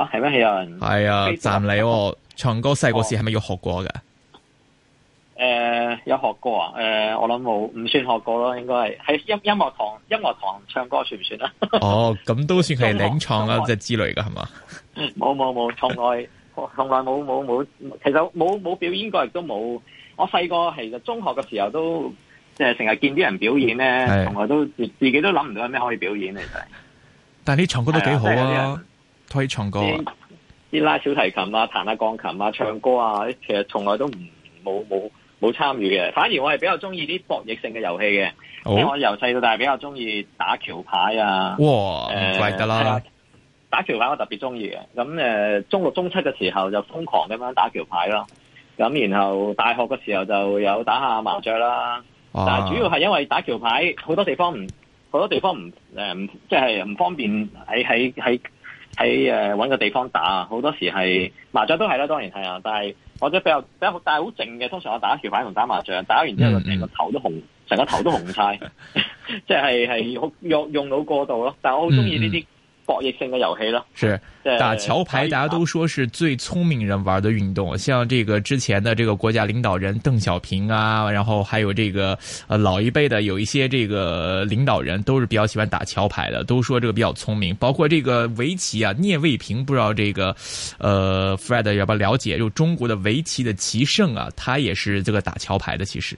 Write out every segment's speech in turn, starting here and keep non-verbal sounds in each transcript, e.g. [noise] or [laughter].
係咩？啊、是是有人係啊，讚你喎。嗯、唱歌細個時係咪要學過嘅？誒、呃，有學過啊？誒、呃，我諗冇，唔算學過咯，應該係喺音樂音樂堂音樂堂唱歌算唔算啊？哦，咁都算係領唱啦，即係之類㗎，係嘛？冇冇冇，從來從來冇冇冇，其實冇冇表演過亦都冇。我細個其實中學嘅時候都即係成日見啲人表演咧，從來都自己都諗唔到有咩可以表演嚟。其實但係你唱歌都幾好啊！推唱歌、拉小提琴啊、彈下鋼琴啊、唱歌啊，其實從來都唔冇冇冇參與嘅。反而我係比較中意啲博弈性嘅遊戲嘅。我由細到大比較中意打橋牌啊。哇、哦，怪得啦！打橋牌我特別中意嘅。咁誒、呃，中六中七嘅時候就瘋狂咁樣打橋牌啦。咁然後大學嘅時候就有打下麻雀啦。哇但係主要係因為打橋牌好多地方唔好多地方唔誒，唔即係唔方便喺喺喺。嗯喺誒揾個地方打，好多時係麻將都係啦，當然係啊，但係我覺得比較比較但係好靜嘅。通常我打橋牌同打麻將，打完之後成個頭都紅，成、mm hmm. 個頭都紅晒，即係係用用腦過度咯。但係我好中意呢啲。Mm hmm. 博弈性嘅遊戲咯，是打橋牌，大家都說是最聰明人玩的運動。像這個之前的這個國家領導人鄧小平啊，然後還有這個呃老一輩的有一些這個領導人都是比較喜歡打橋牌的，都說這個比較聰明。包括這個圍棋啊，聶衛平，不知道這個，呃，Fred 有冇了解？就中國的圍棋的棋聖啊，他也是這個打橋牌的。其實，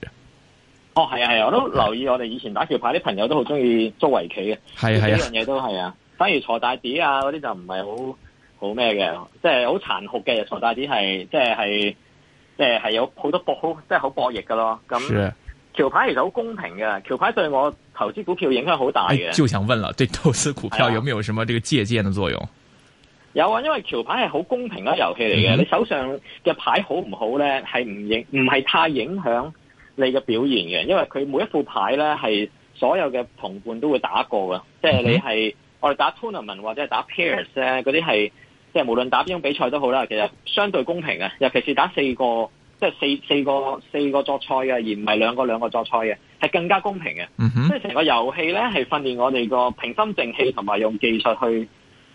哦係啊係啊，我都留意我哋以前打橋牌啲朋友都好中意捉圍棋嘅，係啊係啊呢樣嘢都係啊。反而鋤大 D 啊！嗰啲就唔係好好咩嘅，即係好殘酷嘅。鋤大 D 係即係，即係係有好多博好，即係好博弈噶咯。咁橋是牌其實好公平嘅，橋牌對我投資股票影響好大嘅。就想問啦，對投資股票有冇有什麼這個借鑑嘅作用，啊？有啊，因為橋牌係好公平嘅遊戲嚟嘅。你手上嘅牌好唔好咧，係唔影唔係太影響你嘅表現嘅，因為佢每一副牌咧係所有嘅同伴都會打過嘅，即係你係。嗯我哋打 tournament 或者係打 pairs 咧，嗰啲係即係無論打邊種比賽都好啦，其實相對公平嘅，尤其是打四個即係四四個四個作賽嘅，而唔係兩個兩個作賽嘅，係更加公平嘅。Mm hmm. 即係成個遊戲咧，係訓練我哋個平心靜氣同埋用技術去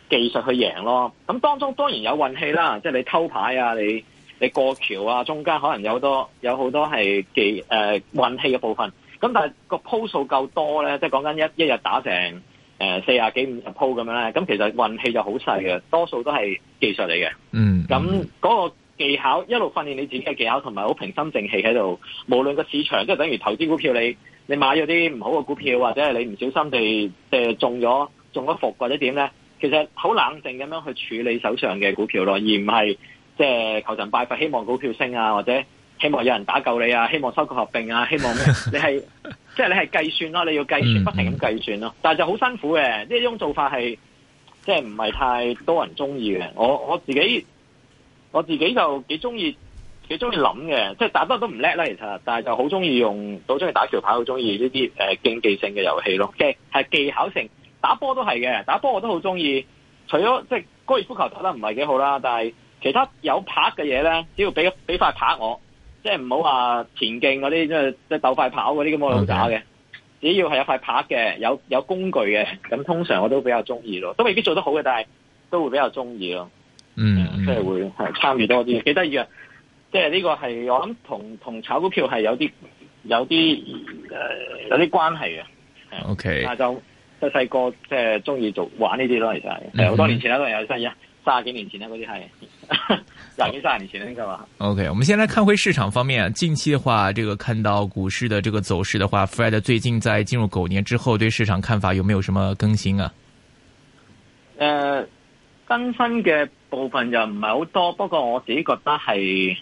技術去贏咯。咁當中當然有運氣啦，即係你偷牌啊，你你過橋啊，中間可能有好多有好多係技誒運氣嘅部分。咁但係個鋪數夠多咧，即係講緊一一日打成。誒、呃，四十幾五十鋪咁樣咧，咁其實運氣就好細嘅，多數都係技術嚟嘅。嗯，咁嗰個技巧，一路訓練你自己嘅技巧，同埋好平心靜氣喺度。無論個市場，即係等於投資股票你，你你買咗啲唔好嘅股票，或者係你唔小心地即係、呃、中咗中咗伏或者點咧，其實好冷靜咁樣去處理手上嘅股票咯，而唔係即係求神拜佛，希望股票升啊，或者希望有人打救你啊，希望收購合併啊，希望咩？ [laughs] 你係。即係你係計算咯，你要計算，不停咁計算咯。但係就好辛苦嘅，呢一呢種做法係即係唔係太多人中意嘅。我我自己我自己就幾中意幾中意諗嘅，即係打波都唔叻啦，其實，但係就好中意用，好中意打橋牌，好中意呢啲誒競技性嘅遊戲咯。即係技巧性，打波都係嘅，打波我都好中意。除咗即係高爾夫球打得唔係幾好啦，但係其他有拍嘅嘢咧，只要俾俾塊拍我。即係唔好話田徑嗰啲，即係即係鬥快跑嗰啲，咁我好假嘅。Okay. 只要係有塊拍嘅，有有工具嘅，咁通常我都比較中意咯。都未必做得好嘅，但係都會比較中意咯。嗯、mm hmm.，即係會係參與多啲，幾得意啊！即係呢個係我諗同同炒股票係有啲有啲有啲關係嘅。O K，但就細細個即係中意做玩呢啲咯，其實係好、mm hmm. 多年前都係有生意。卅幾年前嗰啲係，廿幾年前嗰個。Okay，我們先來看回市場方面，近期嘅話，這個看到股市的這個走勢的話，Fred 最近在進入狗年之後，對市場看法有沒有什麼更新啊？誒、呃，更新嘅部分就唔係好多，不過我自己覺得係，誒、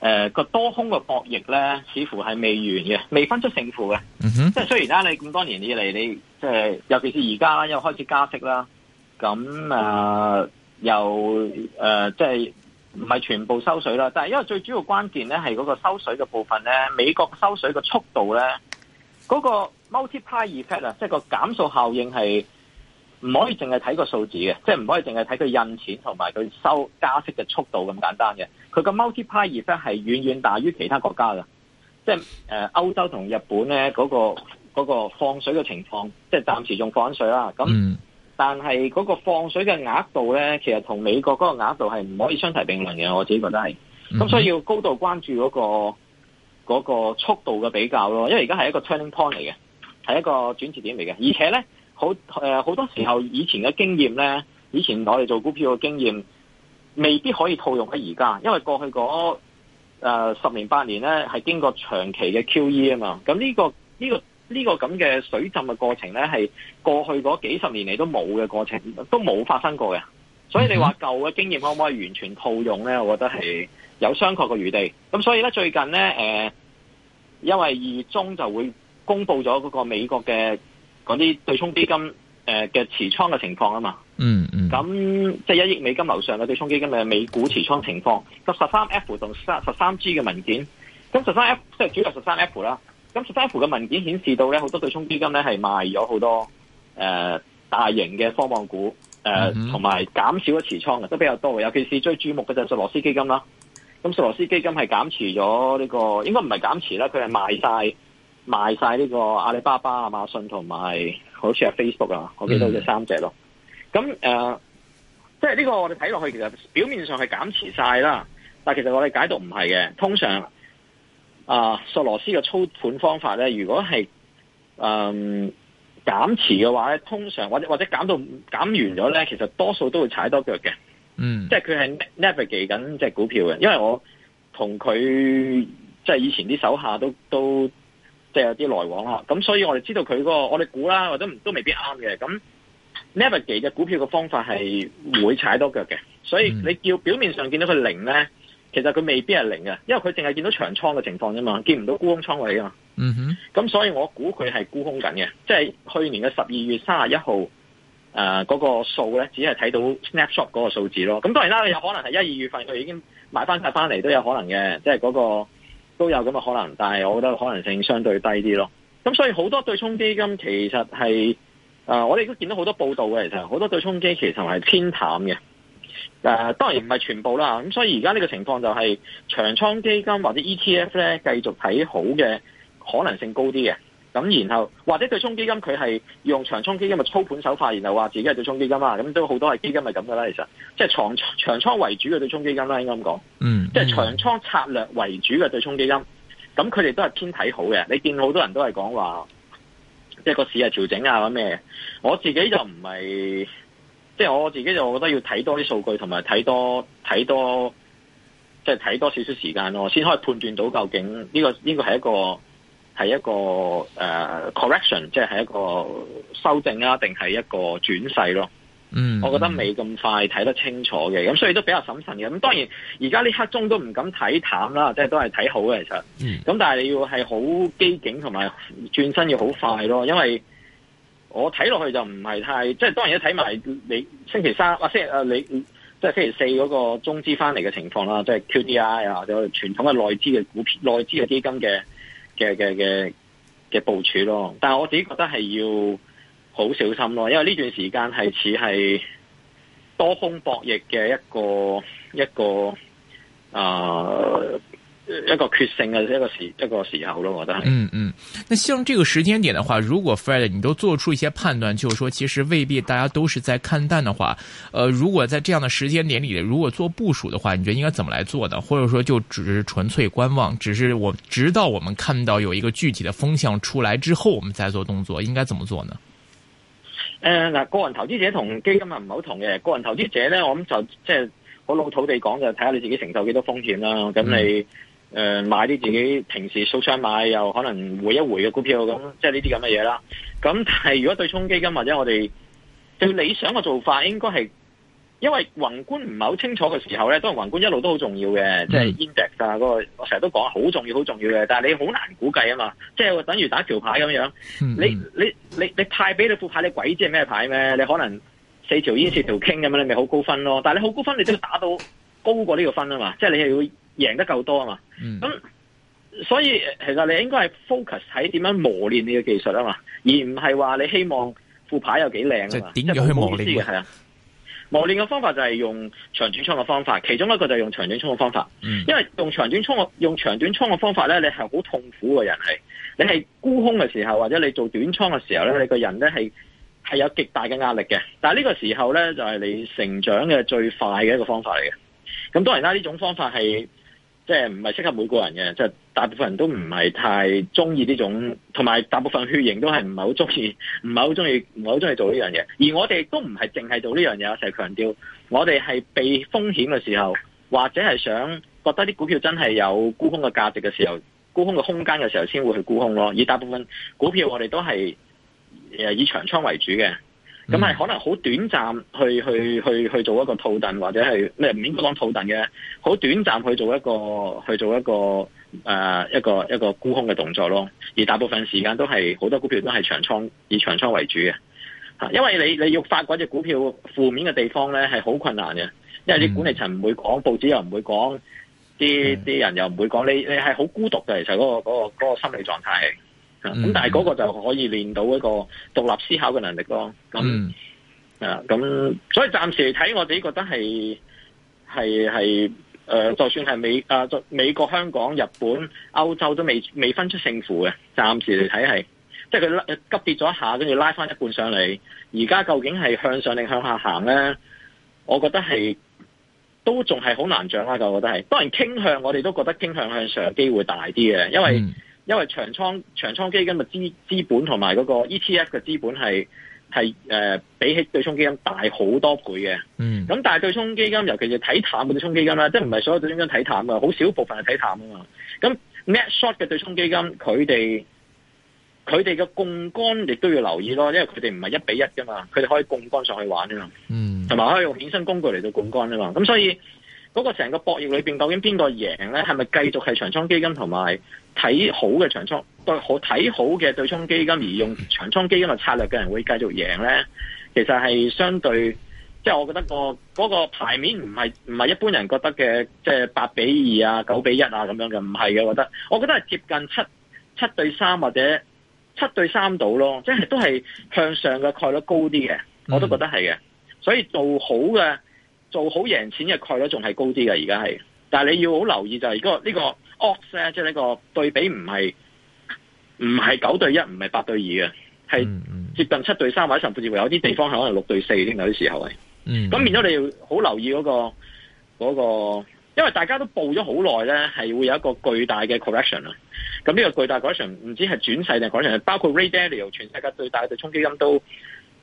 呃、個多空嘅博弈咧，似乎係未完嘅，未分出勝負嘅。嗯哼、mm，即係雖然啦，你咁多年以嚟，你即係尤其是而家啦，因為開始加息啦，咁啊。呃又誒，即係唔係全部收水啦？但係因為最主要關鍵咧，係嗰個收水嘅部分咧，美國收水嘅速度咧，嗰個 multiplier effect 啊，即係個減數效應係唔可以淨係睇個數字嘅，即係唔可以淨係睇佢印錢同埋佢收加息嘅速度咁簡單嘅。佢個 multiplier effect 係遠遠大於其他國家嘅，即係呃，歐洲同日本咧嗰個嗰個放水嘅情況，即係暫時仲放水啦。咁。嗯但係嗰個放水嘅額度咧，其實同美國嗰個額度係唔可以相提並論嘅，我自己覺得係。咁所以要高度關注嗰、嗰個、嗰個速度嘅比較咯，因為而家係一個 turning point 嚟嘅，係一個轉折點嚟嘅。而且咧，好好、呃、好多時候以前嘅經驗咧，以前我哋做股票嘅經驗，未必可以套用喺而家，因為過去嗰、呃、十年八年咧係經過長期嘅 QE 啊嘛。咁呢個呢個。呢個呢個咁嘅水浸嘅過程咧，係過去嗰幾十年嚟都冇嘅過程，都冇發生過嘅。所以你話舊嘅經驗可唔可以完全套用咧？我覺得係有商榷嘅餘地。咁所以咧，最近咧，誒、呃，因為二月中就會公佈咗嗰個美國嘅嗰啲對沖基金誒嘅持倉嘅情況啊嘛。嗯嗯。咁即係一億美金樓上嘅對沖基金嘅美股持倉情況。咁十三 F 同十三 G 嘅文件。咁十三 F 即係主要十三 F 啦。咁 s a f 芙嘅文件顯示到咧，好多對沖基金咧係賣咗好多誒、呃、大型嘅科網股，誒同埋減少咗持倉嘅都比較多嘅。尤其是最注目嘅就係索羅斯基金啦。咁索羅斯基金係減持咗呢、呢個，應該唔係減持啦，佢係賣曬賣曬呢個阿里巴巴、亞馬遜同埋好似係 Facebook 啊，我記得有三隻咯。咁誒、mm hmm. 呃，即係呢個我哋睇落去，其實表面上係減持曬啦，但係其實我哋解讀唔係嘅，通常。啊，索羅斯嘅操盤方法咧，如果係嗯減持嘅話咧，通常或者或者減到減完咗咧，其實多數都會踩多腳嘅。嗯，即係佢係 navigate 緊隻股票嘅，因為我同佢即係以前啲手下都都即係、就是、有啲來往啦。咁所以我哋知道佢、那個我哋估啦，或者都未必啱嘅。咁 navigate 嘅股票嘅方法係會踩多腳嘅，所以你叫表面上見到佢零咧。其實佢未必係零嘅，因為佢淨係見到長倉嘅情況啫嘛，見唔到沽空倉位啊嘛。嗯哼。咁所以我估佢係沽空緊嘅，即係去年嘅十二月三十一號，誒、呃、嗰、那個數咧，只係睇到 snapshot 嗰個數字咯。咁當然啦，有可能係一二月份佢已經買翻晒翻嚟，都有可能嘅，即係嗰、那個都有咁嘅可能。但係我覺得可能性相對低啲咯。咁所以好多對沖基金其實係，啊、呃，我哋都見到好多報道嘅，其實好多對沖基金其實係偏淡嘅。誒、呃，當然唔係全部啦，咁、嗯、所以而家呢個情況就係長倉基金或者 ETF 咧，繼續睇好嘅可能性高啲嘅。咁然後或者對沖基金，佢係用長倉基金嘅操盤手法，然後話自己係對沖基金嘛，咁都好多係基金係咁噶啦。其實即係長長倉為主嘅對沖基金啦，應該咁講、嗯。嗯，即係長倉策略為主嘅對沖基金，咁佢哋都係偏睇好嘅。你見好多人都係講話，即係個市係調整啊，或咩？我自己就唔係。即係我自己就覺覺得要睇多啲數據同埋睇多睇多，即係睇多少少時間咯，先可以判斷到究竟呢、這個呢、這個係一個係一個誒、uh, correction，即係係一個修正啊，定係一個轉勢咯、嗯。嗯，我覺得未咁快睇得清楚嘅，咁、嗯、所以都比較審慎嘅。咁當然而家呢刻鐘都唔敢睇淡啦，即係都係睇好嘅。其實，咁、嗯、但係你要係好機警同埋轉身要好快咯，因為。我睇落去就唔係太，即係當然一睇埋你星期三啊，星期、啊、你即係星期四嗰個中資翻嚟嘅情況啦，即係 QDII 呀，啊，或者傳統嘅內資嘅股票、內資嘅基金嘅嘅嘅嘅嘅部署咯。但係我自己覺得係要好小心咯，因為呢段時間係似係多空博弈嘅一個一個啊。呃一個決勝嘅一個時一個時候咯，我覺得係。嗯嗯，那像這個時間點的話，如果 Fred、er、你都做出一些判斷，就是說其實未必大家都是在看淡的話，呃，如果在這樣的時間點裏，如果做部署的話，你覺得應該怎麼來做呢？或者說就只是純粹觀望，只是我直到我們看到有一個具體的風向出來之後，我們再做動作，應該怎麼做呢？誒、呃，嗱、呃，個人投資者同基金啊唔係好同嘅。個人投資者呢，我諗就即係、就是、好老土地講就睇下你自己承受幾多風險啦。咁、嗯、你。誒、呃，買啲自己平時熟商買又可能回一回嘅股票，咁即係呢啲咁嘅嘢啦。咁但係如果對沖基金或者我哋對理想嘅做法應該，應該係因為宏觀唔係好清楚嘅時候咧，當然宏觀一路都好重要嘅，即係 index 啊、那個，嗰個我成日都講好重要，好重要嘅。但係你好難估計啊嘛，即係等於打橋牌咁樣。你你你你，你派俾你副牌，你鬼知係咩牌咩？你可能四條煙，四條傾咁樣，你咪好高分咯。但係你好高分，你都要打到高過呢個分啊嘛。即係你要。贏得夠多啊嘛，咁、嗯、所以其實你應該係 focus 喺點樣磨練你嘅技術啊嘛，而唔係話你希望副牌有幾靚啊嘛。點樣去磨練？係啊，磨練嘅方法就係用長短倉嘅方法，其中一個就係用長短倉嘅方法。嗯、因為用長短倉、用長短倉嘅方法咧，你係好痛苦嘅人係，你係沽空嘅時候或者你做短倉嘅時候咧，你個人咧係係有極大嘅壓力嘅。但係呢個時候咧就係、是、你成長嘅最快嘅一個方法嚟嘅。咁當然啦，呢種方法係。即係唔係適合每個人嘅，即係大部分人都唔係太中意呢種，同埋大部分血型都係唔係好中意，唔係好中意，唔係好中意做呢樣嘢。而我哋都唔係淨係做呢樣嘢，我成日強調我哋係避風險嘅時候，或者係想覺得啲股票真係有沽空嘅價值嘅時候，沽空嘅空間嘅時候，先會去沽空咯。以大部分股票，我哋都係誒以長倉為主嘅。咁係、嗯、可能好短暫去去去去做一個套戥，或者係咩唔應該講套戥嘅，好短暫去做一個去做一個誒、呃、一個一個，一個沽空嘅動作咯。而大部分時間都係好多股票都係長倉，以長倉為主嘅。吓，因為你你要發掘隻股票負面嘅地方咧，係好困難嘅，因為啲管理層唔會講，報紙又唔會講，啲啲人又唔會講，你你係好孤獨嘅，其實嗰、嗰個嗰、嗰個、嗰個心理狀態。咁、嗯、但係嗰個就可以練到一個獨立思考嘅能力咯。咁咁、嗯啊、所以暫時嚟睇，我哋覺得係係係誒，就算係美啊、呃，美國、香港、日本、歐洲都未未分出勝負嘅。暫時嚟睇係，即係佢急跌咗一下，跟住拉翻一半上嚟。而家究竟係向上定向下行咧？我覺得係都仲係好難掌握㗎。我覺得係，當然傾向我哋都覺得傾向向上嘅機會大啲嘅，因為。嗯因為長倉長倉基金嘅，資資本同埋嗰個 ETF 嘅資本係係誒比起對沖基金大好多倍嘅。嗯。咁但係對沖基金，尤其是睇淡嘅對沖基金啦，即係唔係所有對沖基金睇淡噶，好少部分係睇淡噶嘛。咁 Net Short 嘅對沖基金，佢哋佢哋嘅槓桿亦都要留意咯，因為佢哋唔係一比一噶嘛，佢哋可以槓桿上去玩噶嘛。嗯。同埋可以用衍生工具嚟到槓桿噶嘛。咁所以。嗰個成個博弈裏邊，究竟邊個贏咧？係咪繼續係長倉基金同埋睇好嘅長倉對好睇好嘅對沖基金而用長倉基金嘅策略嘅人會繼續贏咧？其實係相對，即係我覺得我、嗰個牌面唔係唔係一般人覺得嘅，即係八比二啊、九比一啊咁樣嘅，唔係嘅。我覺得，我覺得係接近七七對三或者七對三到咯，即係都係向上嘅概率高啲嘅，我都覺得係嘅。所以做好嘅。做好贏錢嘅概率仲係高啲嘅，而家係，但係你要好留意就係、這個，如果呢個 Odds 咧，即係呢個對比唔係唔係九對一，唔係八對二嘅，係接近七對三或者甚至乎有啲地方係可能六對四嘅，有啲時候係。嗯、mm。咁變咗你要好留意嗰、那個嗰、那個，因為大家都報咗好耐咧，係會有一個巨大嘅 Correction 啦。咁呢個巨大 Correction 唔知係轉勢定係 Correction 係包括 Ray Dalio 全世界最大嘅對沖基金都。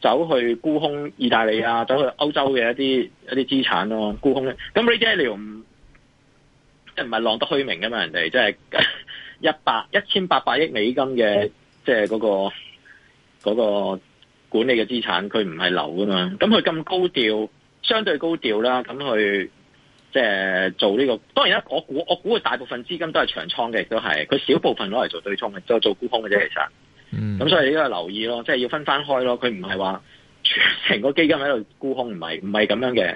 走去沽空意大利啊，走去歐洲嘅一啲一啲資產咯，沽空咧。咁 Dalio 唔即係唔係浪得虛名噶嘛？人哋即係一百一千八百億美金嘅，即係嗰個嗰、嗰個管理嘅資產，佢唔係流噶嘛。咁佢咁高調，相對高調啦。咁去即係做呢、呢個。當然啦，我估我估佢大部分資金都係長倉嘅，亦都係佢小部分攞嚟做對沖嘅，就做沽空嘅啫，其實。咁、嗯、所以你都要留意咯，即係要分翻開咯，佢唔係話全程個基金喺度沽空，唔係唔係咁樣嘅。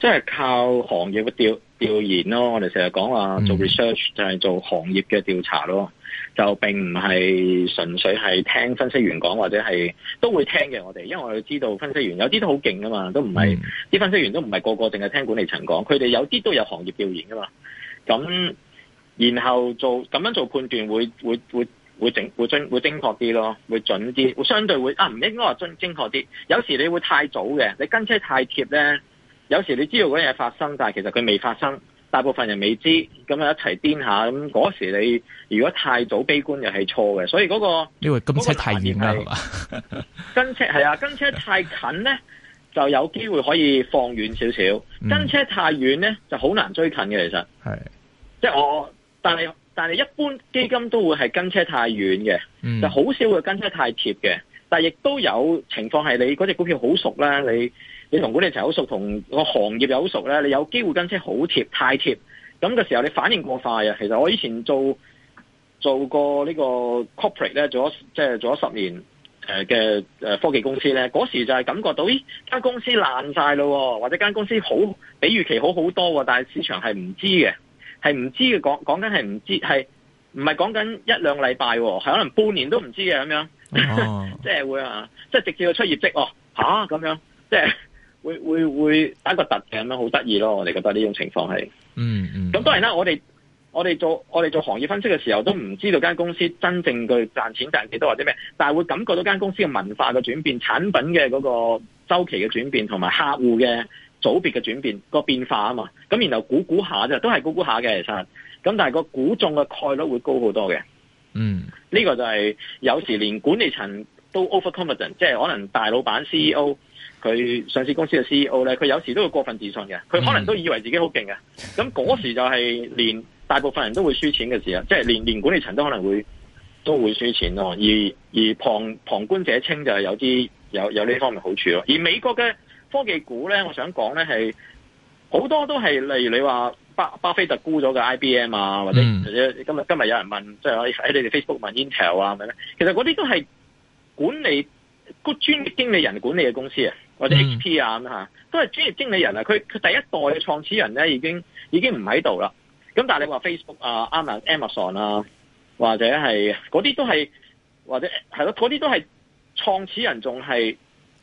即係靠行業嘅調調研咯。我哋成日講話做 research、嗯、就係做行業嘅調查咯，就並唔係純粹係聽分析員講，或者係都會聽嘅。我哋因為我知道分析員有啲都好勁噶嘛，都唔係啲分析員都唔係個個淨係聽管理層講，佢哋有啲都有行業調研噶嘛。咁然後做咁樣做判斷會會會會整會,會,會,會,會精會精確啲咯，會準啲，會相對會啊，唔應該話精精確啲。有時你會太早嘅，你跟車太貼咧。有時你知道嗰嘢發生，但係其實佢未發生，大部分人未知，咁啊一齊癲下咁，嗰時你如果太早悲觀又係錯嘅，所以嗰、嗰個因為跟車太遠啦係嘛，跟車係啊，跟車太近咧就有機會可以放遠少少，跟車太遠咧就好難追近嘅，其實係的、嗯、即係我，但係但係一般基金都會係跟車太遠嘅，就好少會跟車太貼嘅，但係亦都有情況係你嗰隻股票好熟啦，你。你同管理層好熟，同個行業又好熟咧。你有機會跟車好貼、太貼咁嘅時候，你反應過快啊。其實我以前做做過呢個 corporate 咧，做咗即係做咗十年誒嘅誒科技公司咧。嗰時就係感覺到，咦間公司爛晒咯，或者間公司好比預期好好多，但係市場係唔知嘅，係唔知嘅講講緊係唔知，係唔係講緊一兩禮拜，係可能半年都唔知嘅咁樣，啊 [laughs] 哦啊、樣，即係會啊，即係直接去出業績喎。吓咁樣，即係。會會會打個突嘅咁樣，好得意咯！我哋覺得呢種情況係、嗯，嗯嗯。咁當然啦，我哋我哋做我哋做行業分析嘅時候，都唔知道間公司真正嘅賺錢賺幾多或者咩，但係會感覺到間公司嘅文化嘅轉變、產品嘅嗰個周期嘅轉變，同埋客戶嘅組別嘅轉變，轉變個變化啊嘛。咁然後估估下啫，都係估估下嘅其實。咁但係個估中嘅概率會高好多嘅。嗯，呢個就係有時連管理層都 overconfident 即係可能大老闆 CEO 佢上市公司嘅 CEO 咧，佢有時都會過分自信嘅，佢可能都以為自己好勁嘅。咁嗰時就係連大部分人都會輸錢嘅時候，即係連連管理層都可能會都會輸錢咯。而而旁旁觀者清就係有啲有有呢方面好處咯。而美國嘅科技股咧，我想講咧係好多都係例如你話巴巴菲特沽咗嘅 IBM 啊，或者，mm. 或者今日今日有人問，即係喺你哋 Facebook 問 Intel 啊，咁樣咧？其實嗰啲都係。管理個專業經理人管理嘅公司啊，或者 HP 啊咁嚇，都係專業經理人啊。佢佢第一代嘅創始人咧已經已經唔喺度啦。咁但係你話 Facebook 啊、Amazon 啊，或者係嗰啲都係，或者係咯嗰啲都係創始人仲係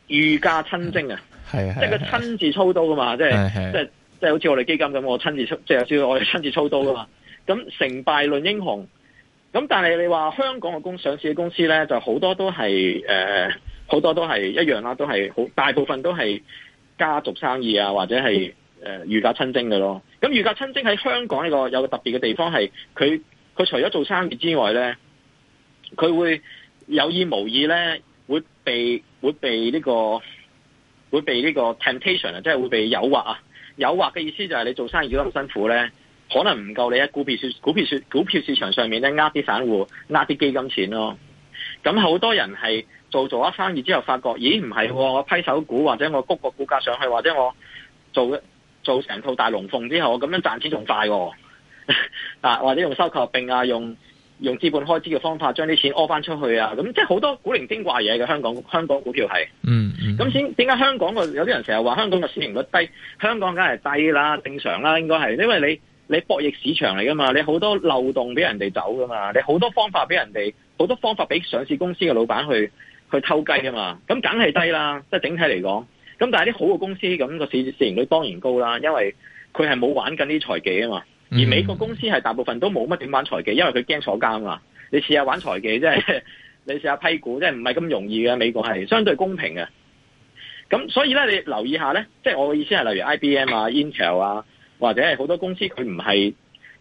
御駕親征啊！係啊，即係佢親自操刀噶嘛，即係即係即係好似我哋基金咁，我親自操，即係有少少我哋親自操刀噶嘛。咁成敗論英雄。咁但係你話香港嘅工上市嘅公司咧，就好多都係誒，好、呃、多都係一樣啦，都係好大部分都係家族生意啊，或者係、呃、御駕親征嘅咯。咁、嗯、御駕親征喺香港呢、呢個有個特別嘅地方係，佢佢除咗做生意之外咧，佢會有意無意咧會被會被呢、呢個會被呢個 temptation 啊，即係會被誘惑啊。誘惑嘅意思就係你做生意做得咁辛苦咧。可能唔夠你喺股票市、股票市、股票市場上面咧，呃啲散戶、呃啲基金錢咯。咁好多人係做做咗生意之後，發覺咦唔係、哦，我批手股或者我谷個股價上去，或者我做做成套大龍鳳之後，我咁樣賺錢仲快喎、哦。啊， [laughs] 或者用收購並啊，用用資本開支嘅方法將啲錢屙翻出去啊。咁即係好多古靈精怪嘢嘅香港香港股票係、嗯。嗯。咁先點解香港嘅有啲人成日話香港嘅市盈率低？香港梗係低啦，正常啦，應該係，因為你。你博弈市場嚟噶嘛？你好多漏洞俾人哋走噶嘛？你好多方法俾人哋，好多方法俾上市公司嘅老闆去去偷雞啊嘛！咁梗係低啦，即係整體嚟講。咁但係啲好嘅公司的，咁個市市盈率當然高啦，因為佢係冇玩緊啲財技啊嘛。嗯、而美國公司係大部分都冇乜點玩財技，因為佢驚坐監嘛。你試下玩財技，即係你試下批股，即係唔係咁容易嘅？美國係相對公平嘅。咁所以咧，你留意一下咧，即係我嘅意思係例如 IBM 啊、Intel 啊。或者係好多公司，佢唔係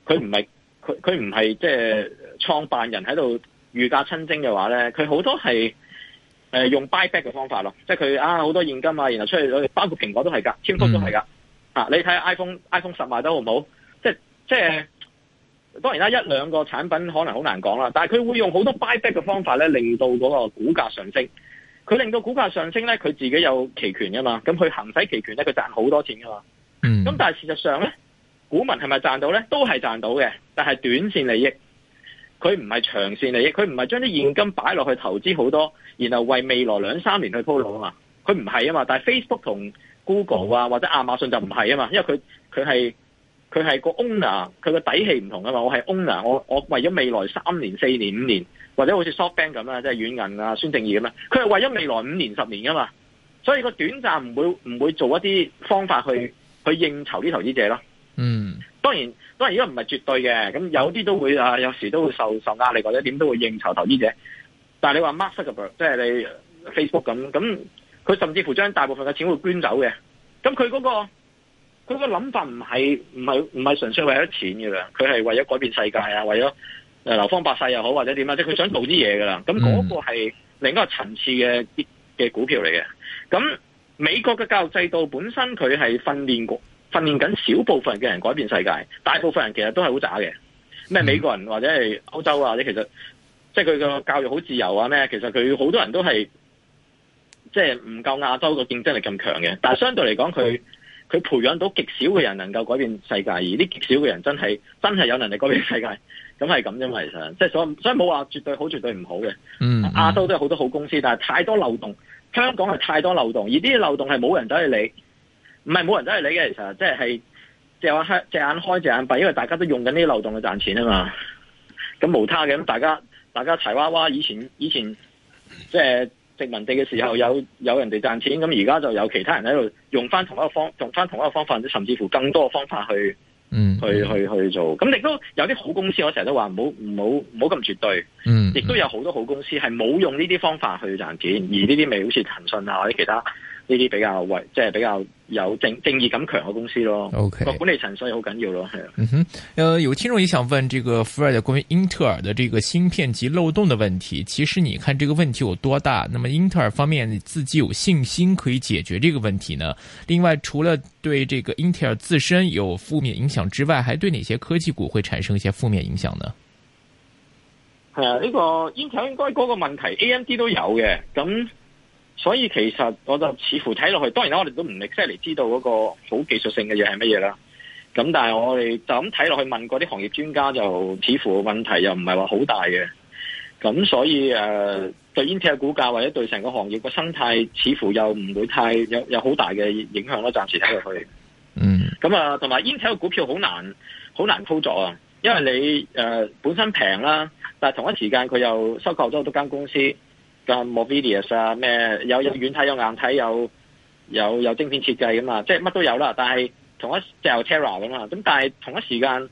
佢唔係佢佢唔係即係創辦人喺度御駕親征嘅話咧，佢好多係用 buyback 嘅方法咯，即係佢啊好多現金啊，然後出去包括蘋果都係噶，簽富都係噶、嗯啊、你睇下 iPhone iPhone 十賣得好唔好？即即係當然啦，一兩個產品可能好難講啦，但係佢會用好多 buyback 嘅方法咧，令到嗰個股價上升。佢令到股價上升咧，佢自己有期權噶嘛，咁佢行使期權咧，佢賺好多錢噶嘛。咁、嗯、但係事實上咧，股民係咪賺到咧？都係賺到嘅，但係短線利益，佢唔係長線利益，佢唔係將啲現金擺落去投資好多，然後為未來兩三年去鋪路啊嘛。佢唔係啊嘛，但係 Facebook 同 Google 啊或者亞馬遜就唔係啊嘛，因為佢佢係佢係個 owner，佢個底氣唔同啊嘛。我係 owner，我我為咗未來三年、四年、五年，或者好似 SoftBank 咁啊，即係軟銀啊、孫正義咁啊，佢係為咗未來五年、十年啊嘛。所以個短暫唔會唔會做一啲方法去。去應酬啲投資者咯，嗯當，當然當然而家唔係絕對嘅，咁有啲都會啊，有時都會受受壓力或者點都會應酬投資者。但係你話 Mark Zuckerberg 即係你 Facebook 咁，咁佢甚至乎將大部分嘅錢會捐走嘅。咁佢嗰個佢個諗法唔係唔係唔係純粹為咗錢嘅啦，佢係為咗改變世界啊，為咗誒流芳百世又好或者點啊，即係佢想做啲嘢噶啦。咁嗰個係另一個層次嘅嘅股票嚟嘅。咁。美國嘅教育制度本身佢係訓練過訓練緊少部分嘅人改變世界，大部分人其實都係好渣嘅。咩美國人或者係歐洲啊？或者其實即係佢個教育好自由啊！咩其實佢好多人都係即係唔夠亞洲個競爭力咁強嘅。但係相對嚟講，佢佢培養到極少嘅人能夠改變世界，而啲極少嘅人真係真係有能力改變世界。咁係咁，啫嘛？其實即係所，所以冇話絕對好，絕對唔好嘅。亞洲都係好多好公司，但係太多漏洞。香港係太多漏洞，而呢啲漏洞係冇人走去理，唔係冇人走去理嘅，其實即係即係話開隻眼開隻眼閉，因為大家都用緊呢啲漏洞去賺錢啊嘛。咁無他嘅，咁大家大家柴娃娃，以前以前即係殖民地嘅時候有有人哋賺錢，咁而家就有其他人喺度用翻同一個方，用翻同一個方法，甚至乎更多嘅方法去。嗯，去去去做，咁亦都有啲好公司，我成日都話唔好唔好唔好咁絕對。嗯，亦都有好多好公司係冇用呢啲方法去賺錢。嗯，而呢啲咪好似騰訊啊或者其他。呢啲比較為，即係比較有正正義感強嘅公司咯。OK，個管理層所以好緊要咯，係啊。嗯哼，誒、呃，有聽眾也想問，這個富二代關於英特爾的這個芯片級漏洞的問題。其實，你看這個問題有多大？那麼，英特爾方面自己有信心可以解決這個問題呢？另外，除了對這個英特爾自身有負面影響之外，還對哪些科技股會產生一些負面影響呢？係啊，呢、這個英特爾應該嗰個問題 AMD 都有嘅，咁。所以其實我就似乎睇落去，當然啦，我哋都唔 exactly 即係嚟知道嗰個好技術性嘅嘢係乜嘢啦。咁但係我哋就咁睇落去問嗰啲行業專家，就似乎問題又唔係話好大嘅。咁所以誒、呃，對 Intel 嘅股價或者對成個行業個生態，似乎又唔會太有有好大嘅影響咯。暫時睇落去，嗯。咁啊，同埋 Intel 嘅股票好難好難操作啊，因為你誒、呃、本身平啦，但係同一時間佢又收購咗好多間公司。咁 Movidius 啊，咩有有軟體有硬體有有有晶片設計咁啊，即係乜都有啦。但係同一隻有 Tera r 咁啊，咁但係同一時間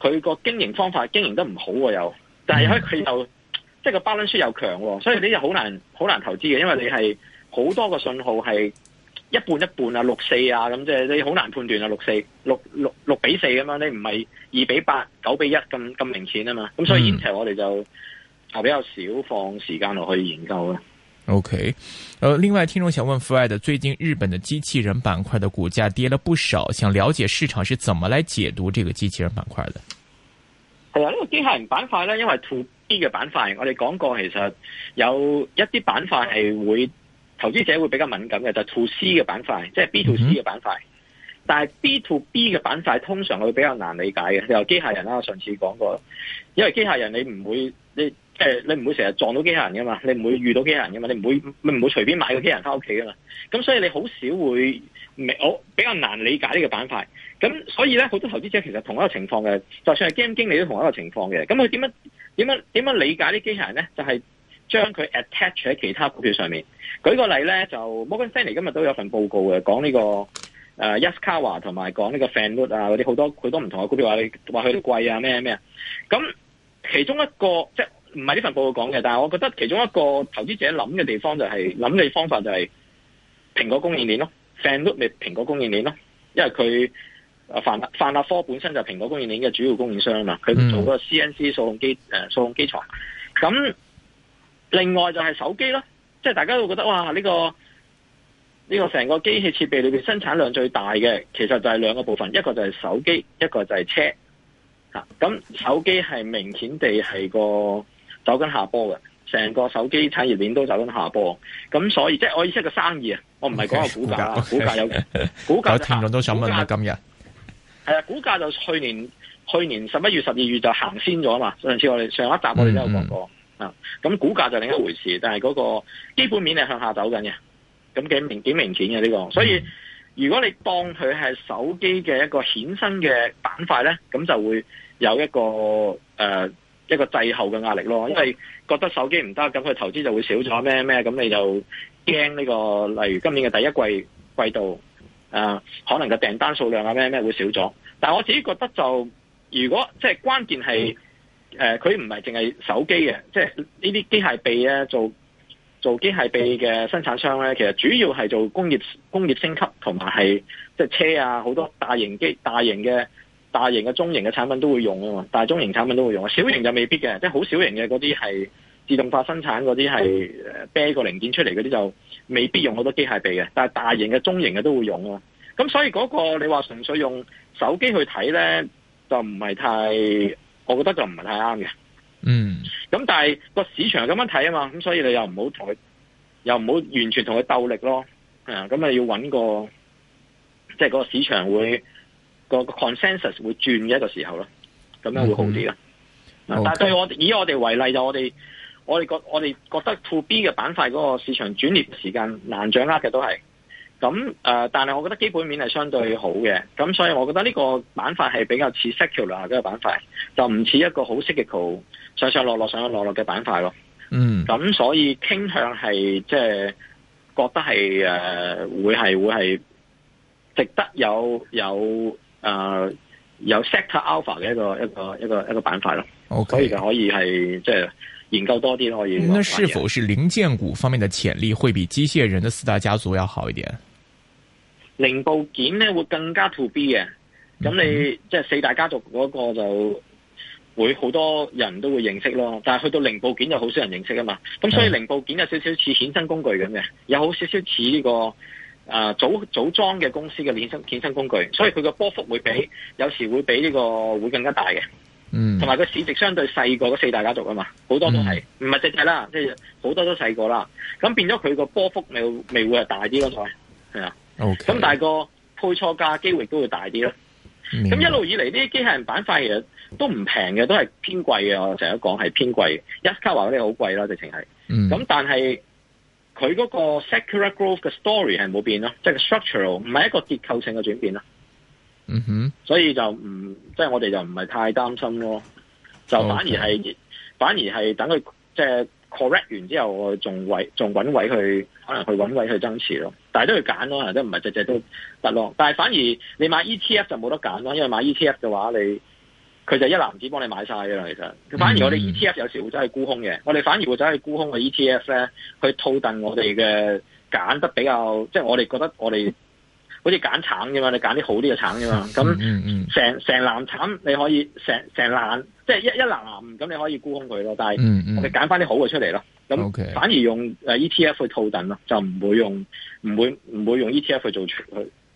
佢個經營方法經營得唔好又、啊，但係可佢又即係個 balance 又強，所以呢啲好難好難投資嘅，因為你係好多個信號係一半一半 64, 64, 6, 6, 6 4, 8, 1, 啊，六四啊咁，即係你好難判斷啊，六四六六六比四㗎嘛。你唔係二比八九比一咁咁明顯啊嘛，咁所以 Intel 我哋就。啊，比較少放時間落去研究嘅。OK，誒、呃，另外聽眾想問 Fred，最近日本的機器人板塊的股價跌了不少，想了解市場是怎麼來解讀這個機器人板塊的？係啊，呢、這個機器人板塊呢？因為 to B 嘅板塊，我哋講過，其實有一啲板塊係會投資者會比較敏感嘅，就係、是、to C 嘅板塊，即係 B to C 嘅板塊。嗯、但係 B to B 嘅板塊通常會比較難理解嘅，就係機器人啦、啊。我上次講過，因為機器人你唔會你。即係你唔會成日撞到機械人噶嘛，你唔會遇到機械人噶嘛，你唔會唔唔會隨便買個機械人翻屋企噶嘛，咁所以你好少會，我比較難理解呢個板塊。咁所以咧，好多投資者其實同一個情況嘅，就算係 game 經理都同一個情況嘅。咁佢點樣點樣點樣理解啲機械人咧？就係、是、將佢 attach 喺其他股票上面。舉個例咧，就 Morgan Stanley 今日都有份報告嘅，講呢、這個 Yaskawa 同埋講呢個 Fanwood 啊，嗰啲好多好多唔同嘅股票話佢哋貴啊咩咩啊。咁其中一個即、就是唔係呢份報告講嘅，但係我覺得其中一個投資者諗嘅地方就係諗嘅方法就係蘋果供應鏈咯，Fanwood 咪蘋果供應鏈咯，因為佢誒泛泛亞科本身就係蘋果供應鏈嘅主要供應商啦，佢做嗰個 CNC 數控機誒數控機床。咁另外就係手機咯，即係大家都覺得哇呢個呢個成個機器設備裏邊生產量最大嘅，其實就係兩個部分，一個就係手機，一個就係車。吓咁手機係明顯地係個。走緊下波嘅，成個手機產業鏈都走緊下波，咁所以即係我意思係個生意啊，我唔係講個股價，股價有，股價有探都上緊啦今日。係啊，股價就去年去年十一月、十二月就行先咗啊嘛，上次我哋上一集我哋都有講過啊。咁、嗯嗯、股價就另一回事，但係嗰個基本面係向下走緊嘅，咁幾明幾明顯嘅呢個。所以如果你當佢係手機嘅一個衍生嘅板塊咧，咁就會有一個誒。呃一個滯後嘅壓力咯，因為覺得手機唔得，咁佢投資就會少咗咩咩，咁你就驚呢個，例如今年嘅第一季季度，啊，可能嘅訂單數量啊咩咩會少咗。但係我自己覺得就，如果即係關鍵係，誒，佢唔係淨係手機嘅，即係呢啲機械臂咧，做做機械臂嘅生產商咧，其實主要係做工業工業升級同埋係即係車啊，好多大型機大型嘅。大型嘅、中型嘅產品都會用啊嘛，大中型嘅產品都會用啊，小型就未必嘅，即係好小型嘅嗰啲係自動化生產嗰啲係啤個零件出嚟嗰啲就未必用好多機械臂嘅，但係大型嘅、中型嘅都會用啊嘛。咁所以嗰個你話純粹用手機去睇咧，就唔係太，我覺得就唔係太啱嘅。嗯。咁但係個市場咁樣睇啊嘛，咁所以你又唔好同佢，又唔好完全同佢鬥力咯。誒、嗯，咁啊要搵個，即係個市場會。個 consensus 會轉嘅一個時候咯，咁樣會好啲囉。Mm hmm. okay. 但對我以我哋為例，就我哋我哋覺我哋覺得 to B 嘅板塊嗰個市場轉捩時間難掌握嘅都係咁，誒，但係我覺得基本面係相對好嘅，咁所以我覺得呢個板塊係比較似 secular 嘅個板塊，就唔似一個好 cyclical 上上落落上上落落嘅板塊咯。嗯、mm，咁、hmm. 所以傾向係即係覺得係、呃、會係會係值得有有。誒、呃，有 sector alpha 嘅一個一個一個一個板塊咯，Okay. 所以就可以係即係研究多啲咯。可以。咁是否是零件股方面嘅潛力會比機械人的四大家族要好一點？零部件咧會更加 to B 嘅，咁、嗯、你即係、就是、四大家族嗰個就會好多人都會認識咯，但係去到零部件就好少人認識啊嘛。咁、嗯、所以零部件有少少似衍生工具咁嘅，有好少少似呢、這個。誒、啊、組組裝嘅公司嘅衍生衍生工具，所以佢嘅波幅會比有時會比呢、呢個會更加大嘅。嗯，同埋個市值相對細過嗰四大家族啊嘛，好多都係唔係淨係啦，即係好多都細過啦。咁變咗佢個波幅咪會係大啲咯，係啊。Okay, OK。咁大個配錯價機會都會大啲咯。咁一路以嚟，呢啲機械人板塊其實都唔平嘅，都係偏貴嘅。我成日講係偏貴嘅，一卡華嗰啲好貴啦，直情係。咁但係，佢嗰個 secular growth 嘅 story 係冇變咯，即係 structural 唔係一個結構性嘅轉變咯。嗯哼，所以就唔即係我哋就唔係太擔心咯，就反而係 Okay. 反而係等佢即係 correct 完之後，我仲搵仲搵位去，可能去搵位去增持咯。但係都要揀咯，都唔係隻隻都得囉。但係反而你買 ETF 就冇得揀咯，因為買 ETF 嘅話你。佢就一籃子幫你買曬㗎啦，其實。反而我哋 E T F 有時會走去沽空嘅，mm hmm. 我哋反而會走去沽空個 E T F 咧，去套戥我哋嘅揀得比較，即係我哋覺得我哋好似揀橙㗎嘛，你揀啲好啲嘅橙㗎嘛。咁成成籃橙你可以成成籃，即係一一籃咁你可以沽空佢咯。但係我哋揀翻啲好嘅出嚟咯。咁、mm hmm. okay. 反而用、uh, E T F 去套戥咯，就唔會用唔會唔會用 E T F 去做出去。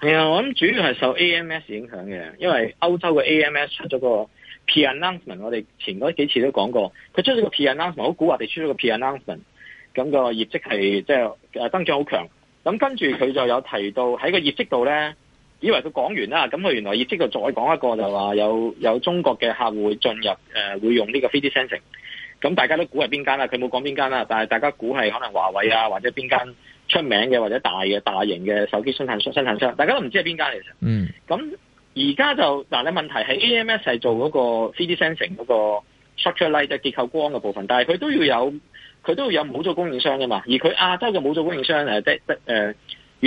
係啊，我諗主要係受 AMS 影響嘅，因為歐洲嘅 AMS 出咗個 pre-announcement，我哋前嗰幾次都講過，佢出咗個 pre-announcement 好蠱惑地出咗個 pre-announcement，咁個業績係即係誒增長好強。咁跟住佢就有提到喺個業績度咧，以為佢講完啦，咁佢原來業績度再講一個就話有有中國嘅客戶進入、呃、會用呢個 FDD sensing，咁大家都估係邊間啦，佢冇講邊間啦，但係大家估係可能華為啊或者邊間。出名嘅或者大嘅大型嘅手機生產商，生產商大家都唔知係邊間嚟嘅。嗯，咁而家就嗱、啊，你問題係 AMS 係做嗰個，個 3D sensing 嗰個 structure light 即結構光嘅部分，但係佢都要有佢都要有唔好做供應商㗎嘛。而佢亞洲就冇做供應商誒，得得誒，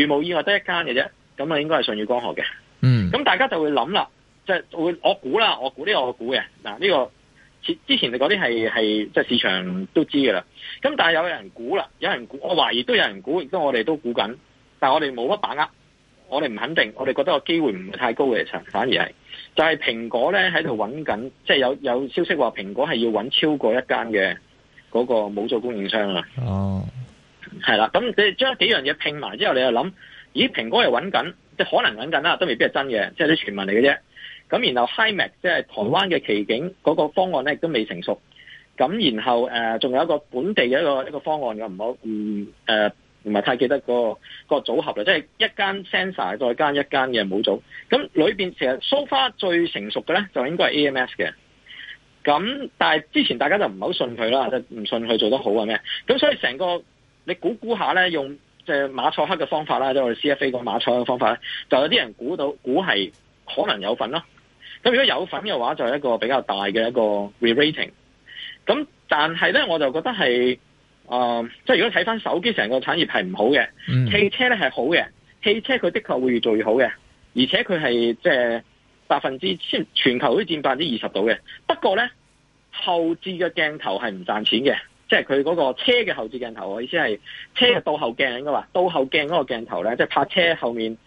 如無意外得一間嘅啫。咁啊，應該係舜宇光學嘅。嗯，咁大家就會諗啦，即係會我估啦，我估呢個我估嘅嗱呢個。之前你嗰啲係係即係市場都知嘅啦，咁但係有人估啦，有人估，我懷疑也有人估也都有人估，亦都我哋都估緊，但係我哋冇乜把握，我哋唔肯定，我哋覺得個機會唔係太高嘅，其實反而係，就係、是、蘋果咧喺度揾緊，即係有有消息話蘋果係要揾超過一間嘅嗰個冇做供應商啊，哦，係啦，咁你將幾樣嘢拼埋之後，你就諗，咦蘋果係揾緊，即係可能揾緊啦，都未必係真嘅，即係啲傳聞嚟嘅啫。咁然後 Himax 即係台灣嘅奇景嗰、那個方案咧亦都未成熟。咁然後誒仲、呃、有一個本地嘅一個一個方案嘅唔好唔誒唔係太記得、那個、那個組合啦，即、就、係、是、一間 Sensor 再加一間嘅模組。咁裏面其實、so、far 最成熟嘅咧就應該係 AMS 嘅。咁但係之前大家就唔好信佢啦，即係唔信佢做得好啊咩？咁所以成個你估估下咧，用即係馬賽克嘅方法啦，即、就、係、是、我哋 CFA 個馬賽克嘅方法咧，就有啲人估到估係可能有份咯。咁如果有份嘅話，就係、是、一個比較大嘅一個 re-rating。咁但係呢，我就覺得係，啊、呃，即係如果睇返手機成個產業係唔好嘅、嗯，汽車呢係好嘅，汽車佢的確會越做越好嘅，而且佢係即係百分之全球都佔百分之二十到嘅。不過呢，後置嘅鏡頭係唔賺錢嘅，即係佢嗰個車嘅後置鏡頭，我意思係車嘅倒後鏡㗎嘛，倒後鏡嗰個鏡頭呢，即係泊車後面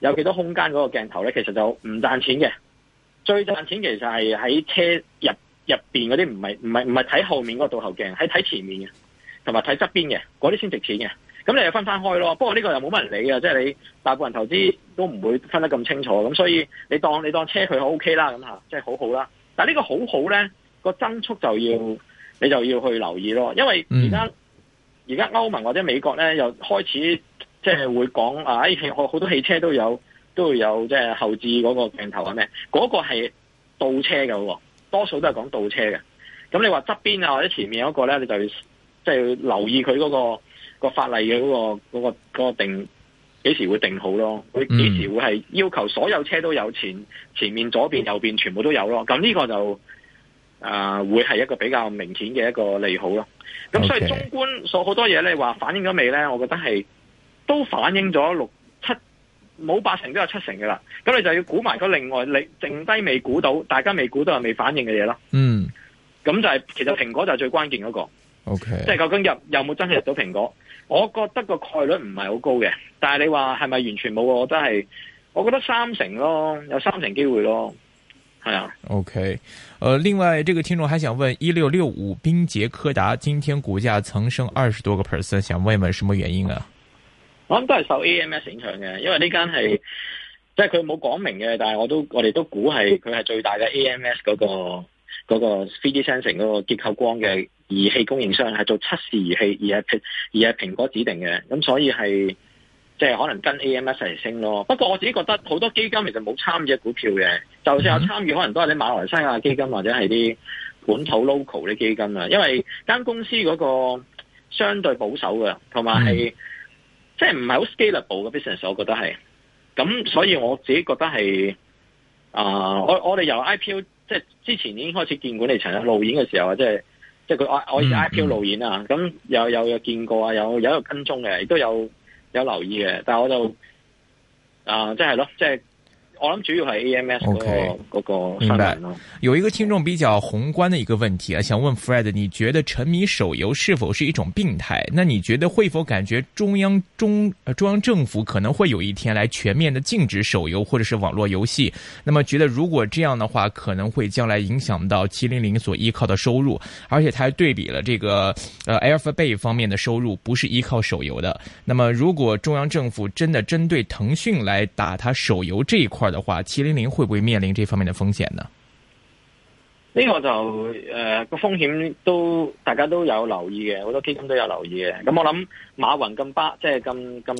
有幾多空間嗰個鏡頭呢，其實就唔賺錢嘅。最賺錢其實係喺車入入邊嗰啲，唔係唔係唔係睇後面嗰個倒後鏡，係睇前面嘅，同埋睇側邊嘅，嗰啲先值錢嘅。咁你又分翻開咯。不過呢個又冇乜人理啊，即係你大部分投資都唔會分得咁清楚。咁所以你當你當車佢好 OK 啦，咁吓即係好好啦。但係呢個好好咧，個增速就要你就要去留意咯，因為而家而家歐盟或者美國咧又開始即係會講啊，哎，我好多汽車都有。都會有即係後置嗰個鏡頭啊，嗰、嗰個係倒車嘅喎，嗰個、多數都係講倒車嘅。咁你話側邊啊或者前面嗰個呢，你就即、就要、留意佢嗰、嗰個、嗰個法例嘅嗰、嗰個嗰、嗰個嗰、嗰個定幾時會定好囉。佢幾時會係要求所有車都有前、前面左邊、右邊全部都有囉。咁呢個就啊、呃、會係一個比較明顯嘅一個利好囉。咁所以中觀所好 Okay. 多嘢你話反映咗未呢？我覺得係都反映咗六。冇八成都有七成嘅啦，咁你就要估埋個另外，你剩低未估到，大家未估到又未反應嘅嘢咯。嗯，咁就係、是、其實蘋果就係最關鍵嗰個。O K，即係究竟入有冇真係入到蘋果？我覺得個概率唔係好高嘅，但係你話係咪完全冇？我都係，我覺得三成咯，有三成機會咯。係啊。O K，誒，另外，這個聽眾還想問：一六六五，冰傑柯達今天股價曾升二十多個 percent，想問問什麼原因啊？我諗都係受 AMS 影響嘅，因為呢間係即係佢冇講明嘅，但係我都我哋都估係佢係最大嘅 AMS 嗰個嗰個 3D sensing 嗰個結構光嘅儀器供應商，係做測試儀器而係而係蘋果指定嘅，咁所以係即係可能跟 AMS 嚟升咯。不過我自己覺得好多基金其實冇參與股票嘅，就算有參與，可能都係啲馬來西亞基金或者係啲本土 local 啲基金啊，因為間公司嗰個相對保守嘅，同埋係。即係唔係好 scalable 嘅 business，我覺得係。咁所以我自己覺得係啊、呃，我我哋由 IPO 即係之前已經開始見管理層啊路演嘅時候啊，即係即係佢我我以 IPO 路演啊，咁、嗯嗯、有有有見過啊，有有一個跟蹤嘅，亦都有有留意嘅，但係我就啊即係咯，即係。即我諗主要係 EMS 嗰個， okay, 個 明白，有一個聽眾比較宏觀的一個問題啊，想問 Fred，你覺得沉迷手遊是否是一種病態？那你覺得會否感覺中央中中，中央政府可能會有一天來全面的禁止手遊或者是網絡遊戲？那麼覺得如果這樣的話，可能會將來影響到700所依靠的收入，而且他還對比了這個，呃 Alphabet 方面的收入不是依靠手遊的。那麼如果中央政府真的針對騰訊來打他手遊這一塊，嘅話，七零零唔會面臨這方面的風險呢？呢個就誒個、呃、風險都大家都有留意嘅，好多基金都有留意嘅。咁我諗馬雲咁巴，即係咁咁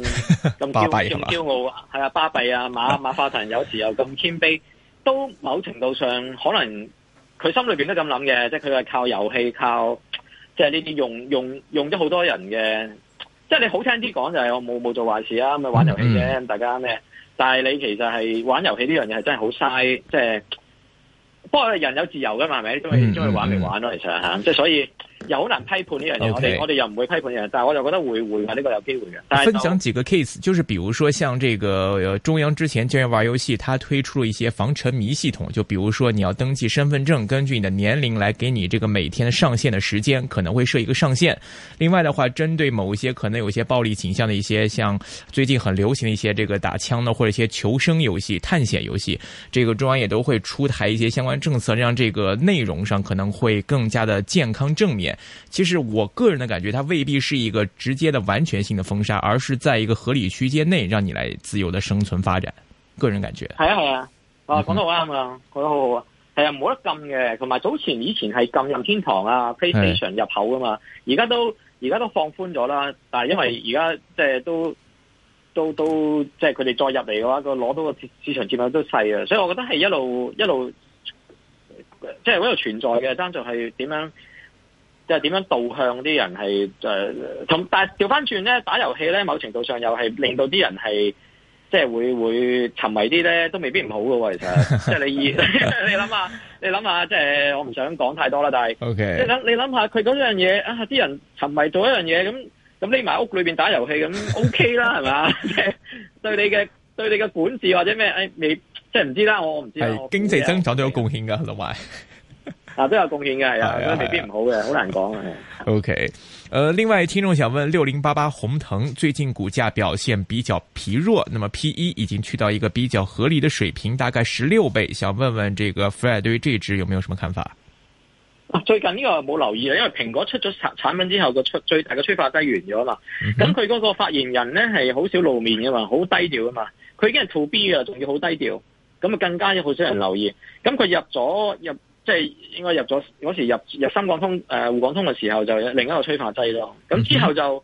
咁驕傲，係啊巴閉啊馬馬化騰有時又咁謙卑， [laughs] 都某程度上可能佢心裏面都咁諗嘅，即係佢係靠遊戲，靠即係呢啲用用用咗好多人嘅，即係你好聽啲講就係、是、我冇冇做壞事啊，咪玩遊戲啫、啊，嗯、大家咩？但係你其實係玩遊戲呢樣嘢係真係好嘥，即係不過人有自由噶嘛，係咪？中意中意玩咪玩咯，其實嚇，即係所以。有難批判呢樣嘢 Okay，我哋我哋又唔會批判呢樣嘢，但係我就覺得會會啊呢個有機會嘅。分享幾個 case，就是比如說像這個、呃、中央之前既然玩遊戲，它推出了一些防沉迷系統，就比如說你要登記身份證，根據你的年齡來給你這個每天上線的時間，可能會設一個上限。另外的話，針對某一些可能有些暴力傾向的一些，像最近很流行的一些這個打槍的或者一些求生遊戲、探險遊戲，這個中央也都會出台一些相關政策，讓這個內容上可能會更加的健康正面。其實我個人嘅感覺，它未必是一個直接嘅完全性嘅封殺，而是在一個合理區間內，讓你來自由的生存發展。個人感覺係啊係啊，啊講得好啱啊，講得好，啊，係啊冇得禁嘅。同埋早前以前係禁任天堂啊 PlayStation 入口噶嘛，而家都而家都放寬咗啦。但係因為而家即係都都都即係佢哋再入嚟嘅話，個攞到個市市場佔有都細啊，所以我覺得係一路一路即係喺度存在嘅，單就係點樣。即係點樣導向啲人係同、呃，但係調翻轉咧，打遊戲咧，某程度上又係令到啲人係即係會會沉迷啲咧，都未必唔好噶喎、啊。其實 [laughs] 即係你意 [laughs] 你諗下，你諗下，即係我唔想講太多啦。但係 Okay. 你諗你諗下，佢嗰樣嘢啊，啲人沉迷做一樣嘢咁咁匿埋屋裏面打遊戲咁 OK 啦，係咪 [laughs] 是吧？ [laughs] 對你嘅對你嘅本事或者咩、哎、即係唔知啦，我唔知啦。係是經濟增長都有貢獻噶，同埋。啊，都有貢獻嘅係啊，未必唔好嘅，好、哎、呀難講嘅。OK，、呃、另外聽眾想問六零八八鴻騰最近股價表現比較疲弱，那麼 P E 已經去到一個比較合理的水平，大概十六倍，想問問這個 Fred 對於這支有沒有什麼看法？最近呢個冇留意啊，因為蘋果出咗產產品之後嘅出最大嘅催化劑完咗嘛。咁佢嗰個發言人呢係好少露面噶嘛，好低調噶嘛，佢已經係 To B 噶仲要好低調，咁啊更加有好少人留意，咁佢入咗入。即係應該入咗嗰時入入深港通，誒，滬港通嘅時候，就有另一個催化劑咯。咁之後就、嗯、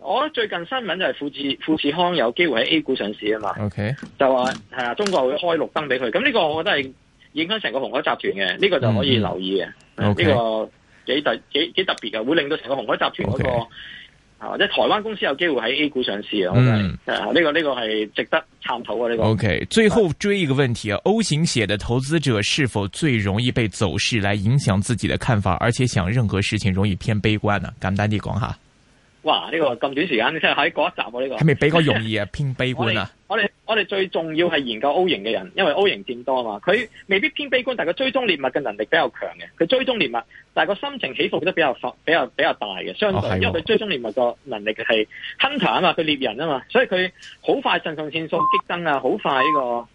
哼我覺得最近新聞就係富士富士康有機會喺 A 股上市啊嘛。OK，就話係啊，中國會開綠燈俾佢。咁呢個我覺得係影響成個紅海集團嘅，呢、呢個就可以留意嘅。呢、嗯 okay. 個幾特幾幾特別嘅，會令到成個紅海集團嗰、嗰個。Okay. 或者台灣公司有機會喺 A 股上市啊！呢、okay? 嗯這個呢、這個係值得探討啊！呢、這個 OK，最後追一個問題啊，嗯、O 型血的投資者是否最容易被走勢來影響自己的看法，而且想任何事情容易偏悲觀呢？簡單啲講吓。哇！呢、這個咁短時間，即係喺嗰一集喎、啊，呢個係咪比較容易啊？ [laughs] 偏悲觀啊！我哋我哋最重要係研究 O 型嘅人，因為 O 型占多啊嘛。佢未必偏悲觀，但係佢追蹤獵物嘅能力比較強嘅。佢追蹤獵物，但係個心情起伏都比較浮、比較比較大嘅。相對、哦哦、因為佢追蹤獵物個能力係 Hunter 啊嘛，佢獵人啊嘛，所以佢好快腎上腺素激增啊！好快呢、這個。